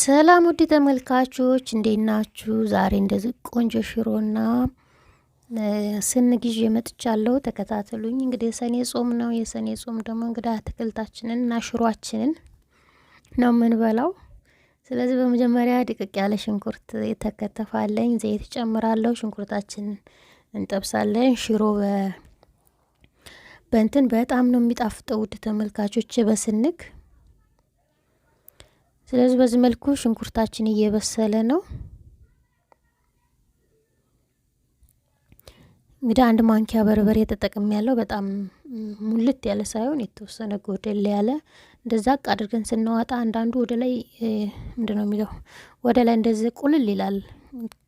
ሰላም ውድ ተመልካቾች እንዴት ናችሁ? ዛሬ እንደዚህ ቆንጆ ሽሮና ስንግ ይዤ መጥቻለሁ። ተከታተሉኝ። እንግዲህ የሰኔ ጾም ነው። የሰኔ ጾም ደግሞ እንግዲህ አትክልታችንን እና ሽሯችንን ነው የምንበላው። ስለዚህ በመጀመሪያ ድቅቅ ያለ ሽንኩርት የተከተፋለኝ ዘይት ጨምራለሁ። ሽንኩርታችንን እንጠብሳለን። ሽሮ በእንትን በጣም ነው የሚጣፍጠው ውድ ተመልካቾች በስንግ ስለዚህ በዚህ መልኩ ሽንኩርታችን እየበሰለ ነው። እንግዲህ አንድ ማንኪያ በርበሬ ተጠቅም ያለው በጣም ሙልት ያለ ሳይሆን የተወሰነ ጎደል ያለ እንደዛ ቅ አድርገን ስናዋጣ አንዳንዱ ወደ ላይ ምንድን ነው የሚለው ወደ ላይ እንደዚ ቁልል ይላል።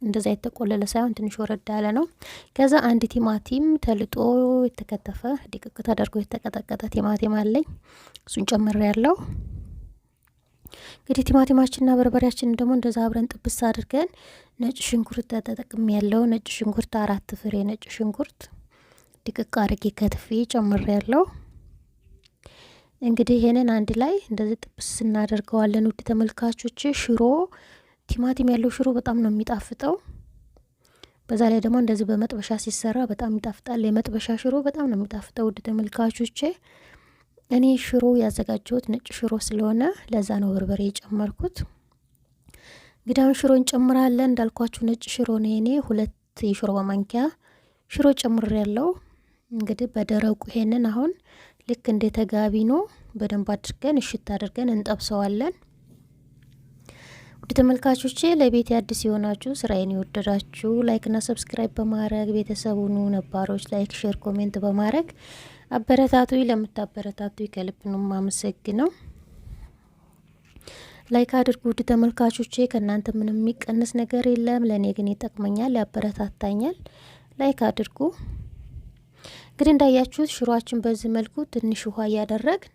እንደዛ የተቆለለ ሳይሆን ትንሽ ወረድ ያለ ነው። ከዛ አንድ ቲማቲም ተልጦ የተከተፈ ድቅቅ ተደርጎ የተቀጠቀጠ ቲማቲም አለኝ። እሱን ጨምሬ ያለው እንግዲህ ቲማቲማችንና በርበሬያችንን ደግሞ እንደዛ አብረን ጥብስ አድርገን ነጭ ሽንኩርት ተጠቅም ያለው ነጭ ሽንኩርት አራት ፍሬ ነጭ ሽንኩርት ድቅቅ አርጌ ከትፌ ጨምር ያለው። እንግዲህ ይህንን አንድ ላይ እንደዚህ ጥብስ እናደርገዋለን። ውድ ተመልካቾች ሽሮ ቲማቲም ያለው ሽሮ በጣም ነው የሚጣፍጠው። በዛ ላይ ደግሞ እንደዚህ በመጥበሻ ሲሰራ በጣም ይጣፍጣል። የመጥበሻ ሽሮ በጣም ነው የሚጣፍጠው ውድ ተመልካቾቼ እኔ ሽሮ ያዘጋጀሁት ነጭ ሽሮ ስለሆነ ለዛ ነው በርበሬ የጨመርኩት። እንግዲህ ሽሮ እንጨምራለን። እንዳልኳችሁ ነጭ ሽሮ ነው የኔ። ሁለት የሽሮ ማንኪያ ሽሮ ጨምር ያለው እንግዲህ በደረቁ ይሄንን አሁን ልክ እንደ ተጋቢ ነው በደንብ አድርገን እሽት አድርገን እንጠብሰዋለን። ውድ ተመልካቾቼ ለቤት አዲስ የሆናችሁ ስራዬን የወደዳችሁ ላይክና ሰብስክራይብ በማድረግ ቤተሰቡኑ ነባሮች ላይክ፣ ሼር፣ ኮሜንት በማድረግ አበረታቱ። ለምታበረታቱ ከልብ ነው የማመሰግነው። ላይክ አድርጉ ውድ ተመልካቾቼ። ከእናንተ ምንም የሚቀንስ ነገር የለም። ለእኔ ግን ይጠቅመኛል፣ ያበረታታኛል። ላይክ አድርጉ። እንግዲህ እንዳያችሁት ሽሯችን በዚህ መልኩ ትንሽ ውሃ እያደረግን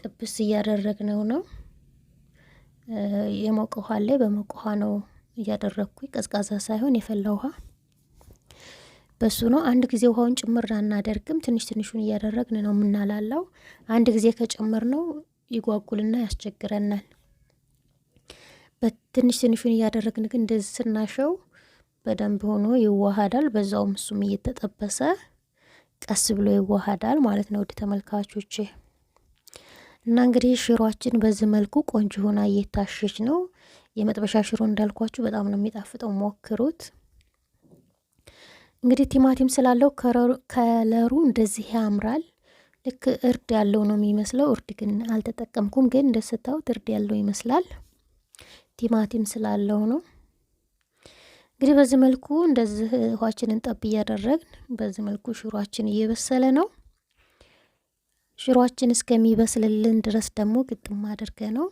ጥብስ እያደረግነው ነው። የሞቀ ውሃ ላይ በሞቀ ውሃ ነው እያደረግኩ፣ ቀዝቃዛ ሳይሆን የፈላ ውሃ በሱ ነው። አንድ ጊዜ ውሃውን ጭምር አናደርግም። ትንሽ ትንሹን እያደረግን ነው የምናላላው። አንድ ጊዜ ከጨመር ነው ይጓጉልና ያስቸግረናል። በትንሽ ትንሹን እያደረግን ግን እንደዚህ ስናሸው በደንብ ሆኖ ይዋሃዳል። በዛውም እሱም እየተጠበሰ ቀስ ብሎ ይዋሃዳል ማለት ነው። ውድ ተመልካቾች እና እንግዲህ ሽሯችን በዚህ መልኩ ቆንጆ ሆና እየታሸች ነው። የመጥበሻ ሽሮ እንዳልኳችሁ በጣም ነው የሚጣፍጠው፣ ሞክሩት። እንግዲህ ቲማቲም ስላለው ከለሩ እንደዚህ ያምራል። ልክ እርድ ያለው ነው የሚመስለው። እርድ ግን አልተጠቀምኩም፣ ግን እንደስታውት እርድ ያለው ይመስላል። ቲማቲም ስላለው ነው። እንግዲህ በዚህ መልኩ እንደዚህ ውሃችንን ጠብ እያደረግን በዚህ መልኩ ሽሯችን እየበሰለ ነው። ሽሯችን እስከሚበስልልን ድረስ ደግሞ ግጥም አድርገ ነው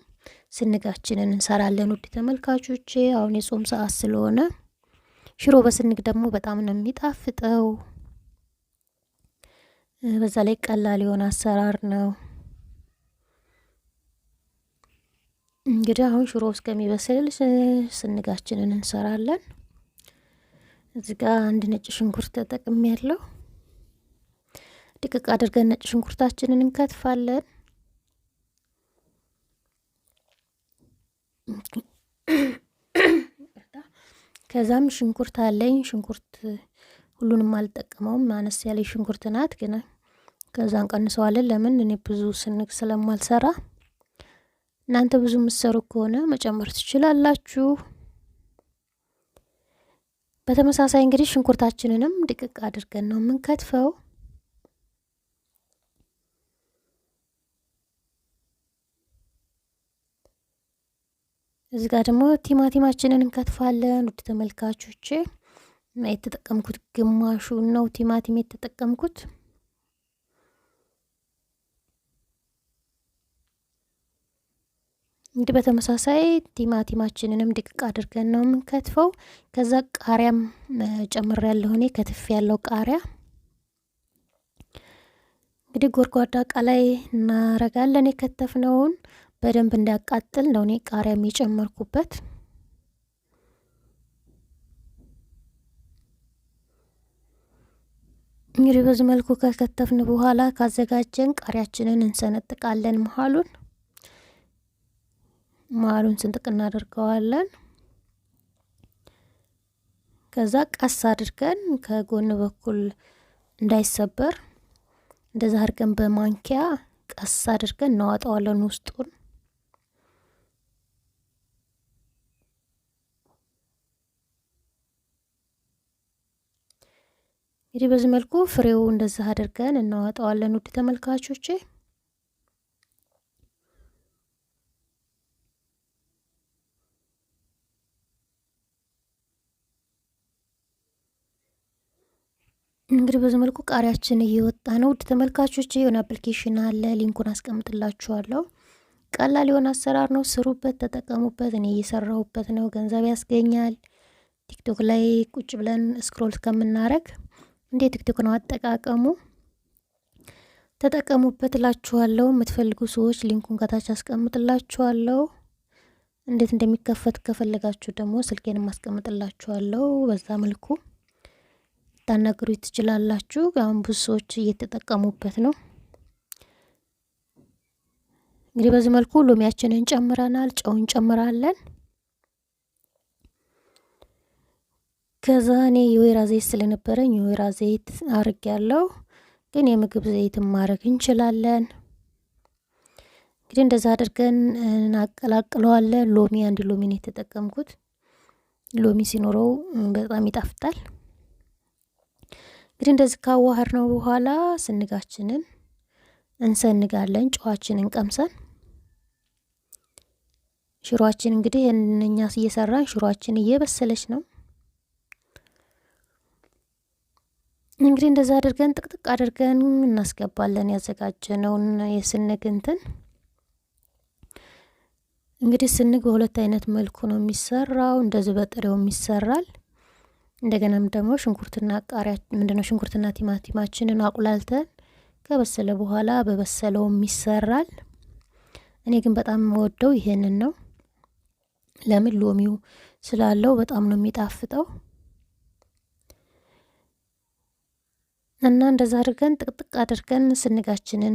ስንጋችንን እንሰራለን። ውድ ተመልካቾቼ አሁን የጾም ሰዓት ስለሆነ ሽሮ በስንግ ደግሞ በጣም ነው የሚጣፍጠው። በዛ ላይ ቀላል የሆነ አሰራር ነው። እንግዲህ አሁን ሽሮ እስከሚበስል ስንጋችንን እንሰራለን። እዚ ጋ አንድ ነጭ ሽንኩርት ተጠቅሜ ያለው ድቅቅ አድርገን ነጭ ሽንኩርታችንን እንከትፋለን። ከዛም ሽንኩርት አለኝ። ሽንኩርት ሁሉንም አልጠቀመውም፣ አነስ ያለ ሽንኩርት ናት ግን ከዛ ቀንሰዋለን። ለምን እኔ ብዙ ስንግ ስለማልሰራ እናንተ ብዙ የምትሰሩ ከሆነ መጨመር ትችላላችሁ። በተመሳሳይ እንግዲህ ሽንኩርታችንንም ድቅቅ አድርገን ነው የምንከትፈው። እዚህ ጋር ደግሞ ቲማቲማችንን እንከትፋለን። ውድ ተመልካቾች የተጠቀምኩት ግማሹ ነው ቲማቲም የተጠቀምኩት እንዲህ በተመሳሳይ ቲማቲማችንንም ድቅቅ አድርገን ነው የምንከትፈው። ከዛ ቃሪያም ጨምር ያለው እኔ ከትፍ ያለው ቃሪያ እንግዲህ ጎድጓዳ እቃ ላይ እናረጋለን የከተፍነውን በደንብ እንዳያቃጥል ነው እኔ ቃሪያ የሚጨመርኩበት እንግዲህ በዚህ መልኩ ከከተፍን በኋላ ካዘጋጀን ቃሪያችንን እንሰነጥቃለን። መሀሉን መሀሉን ስንጥቅ እናደርገዋለን። ከዛ ቀስ አድርገን ከጎን በኩል እንዳይሰበር እንደዛ አድርገን በማንኪያ ቀስ አድርገን እናዋጠዋለን ውስጡን እንግዲህ በዚህ መልኩ ፍሬው እንደዚህ አድርገን እናወጣዋለን። ውድ ተመልካቾች እንግዲህ በዚህ መልኩ ቃሪያችን እየወጣ ነው። ውድ ተመልካቾች የሆነ አፕሊኬሽን አለ፣ ሊንኩን አስቀምጥላችኋለሁ። ቀላል የሆነ አሰራር ነው። ስሩበት፣ ተጠቀሙበት። እኔ እየሰራሁበት ነው። ገንዘብ ያስገኛል። ቲክቶክ ላይ ቁጭ ብለን ስክሮል እስከምናረግ እንዴት ቲክቶክ ነው አጠቃቀሙ፣ ተጠቀሙበት እላችኋለሁ። የምትፈልጉ ሰዎች ሊንኩን ከታች አስቀምጥላችኋለሁ። እንዴት እንደሚከፈት ከፈለጋችሁ ደግሞ ስልኬን ማስቀምጥላችኋለሁ። በዛ መልኩ ታናግሩ ትችላላችሁ። አሁን ብዙ ሰዎች እየተጠቀሙበት ነው። እንግዲህ በዚህ መልኩ ሎሚያችንን ጨምረናል፣ ጨውን ጨምራለን። ከዛ እኔ የወይራ ዘይት ስለነበረኝ የወይራ ዘይት አርግ ያለው ግን የምግብ ዘይትን ማድረግ እንችላለን። እንግዲህ እንደዛ አድርገን እናቀላቅለዋለን። ሎሚ አንድ ሎሚ ነው የተጠቀምኩት። ሎሚ ሲኖረው በጣም ይጣፍጣል። እንግዲህ እንደዚህ ካዋህር ነው በኋላ ስንጋችንን እንሰንጋለን። ጨዋችንን ቀምሰን ሽሮአችን እንግዲህ እነኛ እየሰራን ሽሮአችን እየበሰለች ነው። እንግዲህ እንደዛ አድርገን ጥቅጥቅ አድርገን እናስገባለን ያዘጋጀነውን የስንግ እንትን እንግዲህ ስንግ በሁለት አይነት መልኩ ነው የሚሰራው። እንደዚህ በጥሬውም ይሰራል። እንደገናም ደግሞ ሽንኩርትና ቃሪያ ምንድነው ሽንኩርትና ቲማቲማችንን አቁላልተን ከበሰለ በኋላ በበሰለውም ይሰራል። እኔ ግን በጣም የምወደው ይሄንን ነው። ለምን ሎሚው ስላለው በጣም ነው የሚጣፍጠው። እና እንደዛ አድርገን ጥቅጥቅ አድርገን ስንጋችንን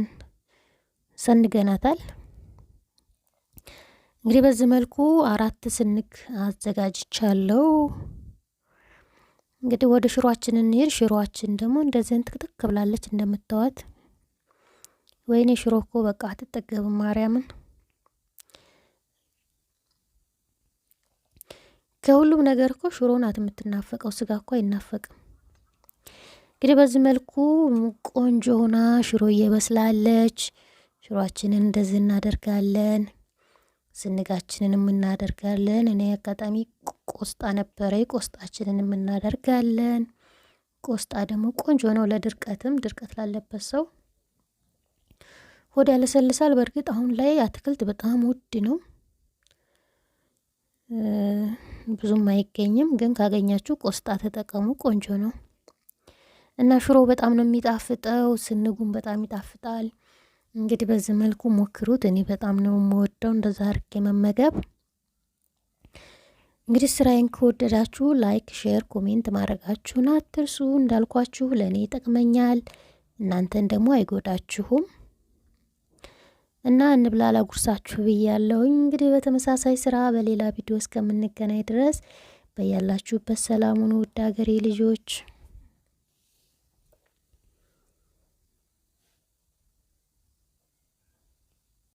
ሰንገናታል። እንግዲህ በዚህ መልኩ አራት ስንግ አዘጋጅቻለሁ። እንግዲህ ወደ ሽሮአችን እንሄድ። ሽሮአችን ደግሞ እንደዚህን ጥቅጥቅ ብላለች እንደምታዋት። ወይኔ ሽሮ እኮ በቃ አትጠገብም ማርያምን። ከሁሉም ነገር እኮ ሽሮን አት የምትናፈቀው ስጋ እኮ አይናፈቅም። እንግዲህ በዚህ መልኩ ቆንጆ ሆና ሽሮ እየበስላለች። ሽሮአችንን እንደዚህ እናደርጋለን። ስንጋችንንም እናደርጋለን። እኔ አጋጣሚ ቆስጣ ነበረ፣ ቆስጣችንንም እናደርጋለን። ቆስጣ ደግሞ ቆንጆ ነው ለድርቀትም፣ ድርቀት ላለበት ሰው ሆድ ያለሰልሳል። በእርግጥ አሁን ላይ አትክልት በጣም ውድ ነው፣ ብዙም አይገኝም። ግን ካገኛችሁ ቆስጣ ተጠቀሙ፣ ቆንጆ ነው። እና ሽሮ በጣም ነው የሚጣፍጠው። ስንጉም በጣም ይጣፍጣል። እንግዲህ በዚህ መልኩ ሞክሩት። እኔ በጣም ነው የምወደው እንደዛ አርጌ መመገብ። እንግዲህ ስራዬን ከወደዳችሁ ላይክ፣ ሼር፣ ኮሜንት ማድረጋችሁን አትርሱ። እንዳልኳችሁ ለእኔ ይጠቅመኛል፣ እናንተን ደግሞ አይጎዳችሁም እና እንብላላ ጉርሳችሁ ብያለሁኝ። እንግዲህ በተመሳሳይ ስራ በሌላ ቪዲዮ እስከምንገናኝ ድረስ በያላችሁበት ሰላሙን ውድ ሀገሬ ልጆች